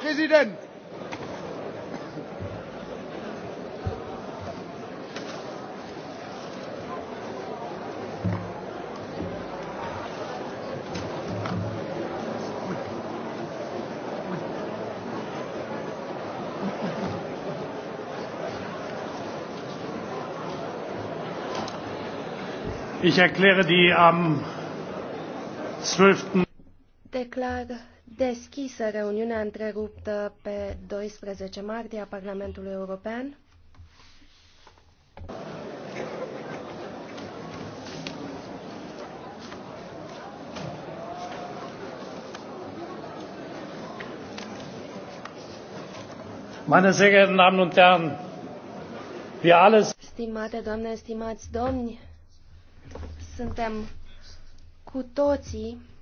Präsident! Ich erkläre die am 12. Declar deschisă reuniunea întreruptă pe 12 martie a Parlamentului European. Meine sehr geehrten Damen und Herren, wir alle Stimate doamne, stimați domni, suntem cu toții